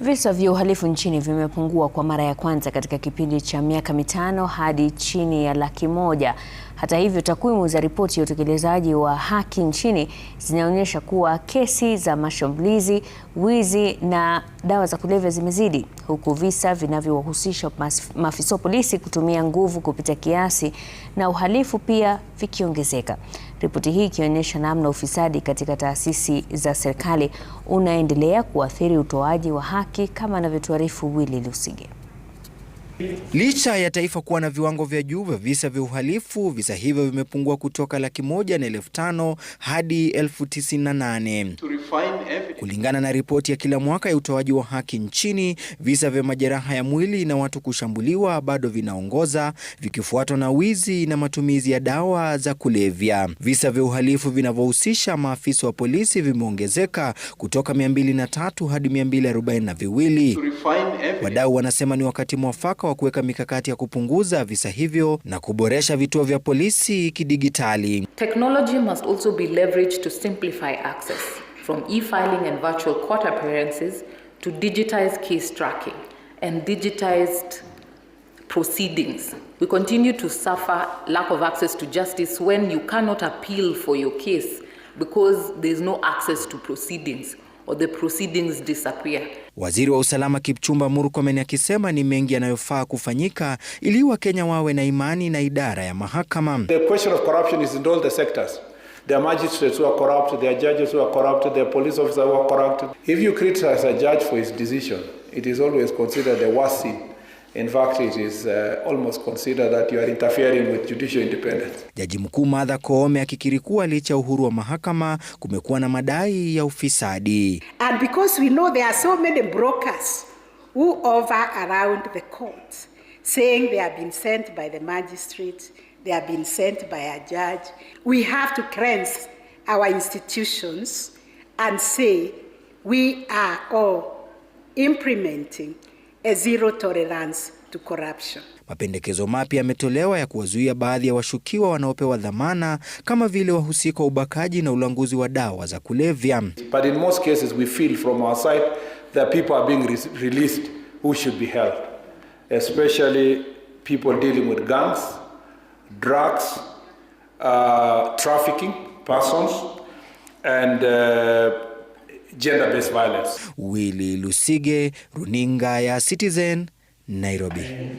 Visa vya uhalifu nchini vimepungua kwa mara ya kwanza katika kipindi cha miaka mitano hadi chini ya laki moja. Hata hivyo, takwimu za ripoti ya utekelezaji wa haki nchini zinaonyesha kuwa kesi za mashambulizi, wizi na dawa za kulevya zimezidi, huku visa vinavyowahusisha maafisa polisi kutumia nguvu kupita kiasi na uhalifu pia vikiongezeka ripoti hii ikionyesha namna ufisadi katika taasisi za serikali unaendelea kuathiri utoaji wa haki, kama anavyotuarifu Willy Lusige. Licha ya taifa kuwa na viwango vya juu vya visa vya uhalifu, visa hivyo vimepungua kutoka laki moja na elfu tano hadi elfu tisini na nane. Kulingana na ripoti ya kila mwaka ya utoaji wa haki nchini, visa vya majeraha ya mwili na watu kushambuliwa bado vinaongoza, vikifuatwa na wizi na matumizi ya dawa za kulevya. Visa vya uhalifu vinavyohusisha maafisa wa polisi vimeongezeka kutoka 203 hadi 242. Wadau wanasema ni wakati mwafaka wa kuweka mikakati ya kupunguza visa hivyo na kuboresha vituo vya polisi kidigitali. Technology must also be leveraged to simplify access from e-filing and virtual court appearances to digitized case tracking and digitized proceedings. We continue to suffer lack of access to justice when you cannot appeal for your case because there's no access to proceedings or the proceedings disappear. Waziri wa usalama Kipchumba Murkomen akisema ni mengi yanayofaa kufanyika ili Wakenya wawe na imani na idara ya mahakama. The question of corruption is in all the sectors. Their magistrates who are corrupt, their judges who are corrupt, their police officers who are corrupt. If you criticize a judge for his decision, it is always considered the worst sin. In fact, it is uh, almost considered that you are interfering with judicial independence. Jaji Mkuu Martha Koome akikiri kuwa licha ya uhuru wa mahakama kumekuwa na madai ya ufisadi. And because we know there are so many brokers who over around the court saying they have been sent by the magistrate They have been sent by a judge. We have to cleanse our institutions and say we are all implementing a zero tolerance to corruption. Mapendekezo mapya yametolewa ya kuwazuia baadhi ya washukiwa wanaopewa dhamana kama vile wahusika wa ubakaji na ulanguzi wa dawa za kulevya. But in most cases we feel from our side that people are being released who should be held especially people dealing with gangs drugs, uh, trafficking persons, and uh, gender-based violence. Willy Lusige, Runinga ya Citizen, Nairobi.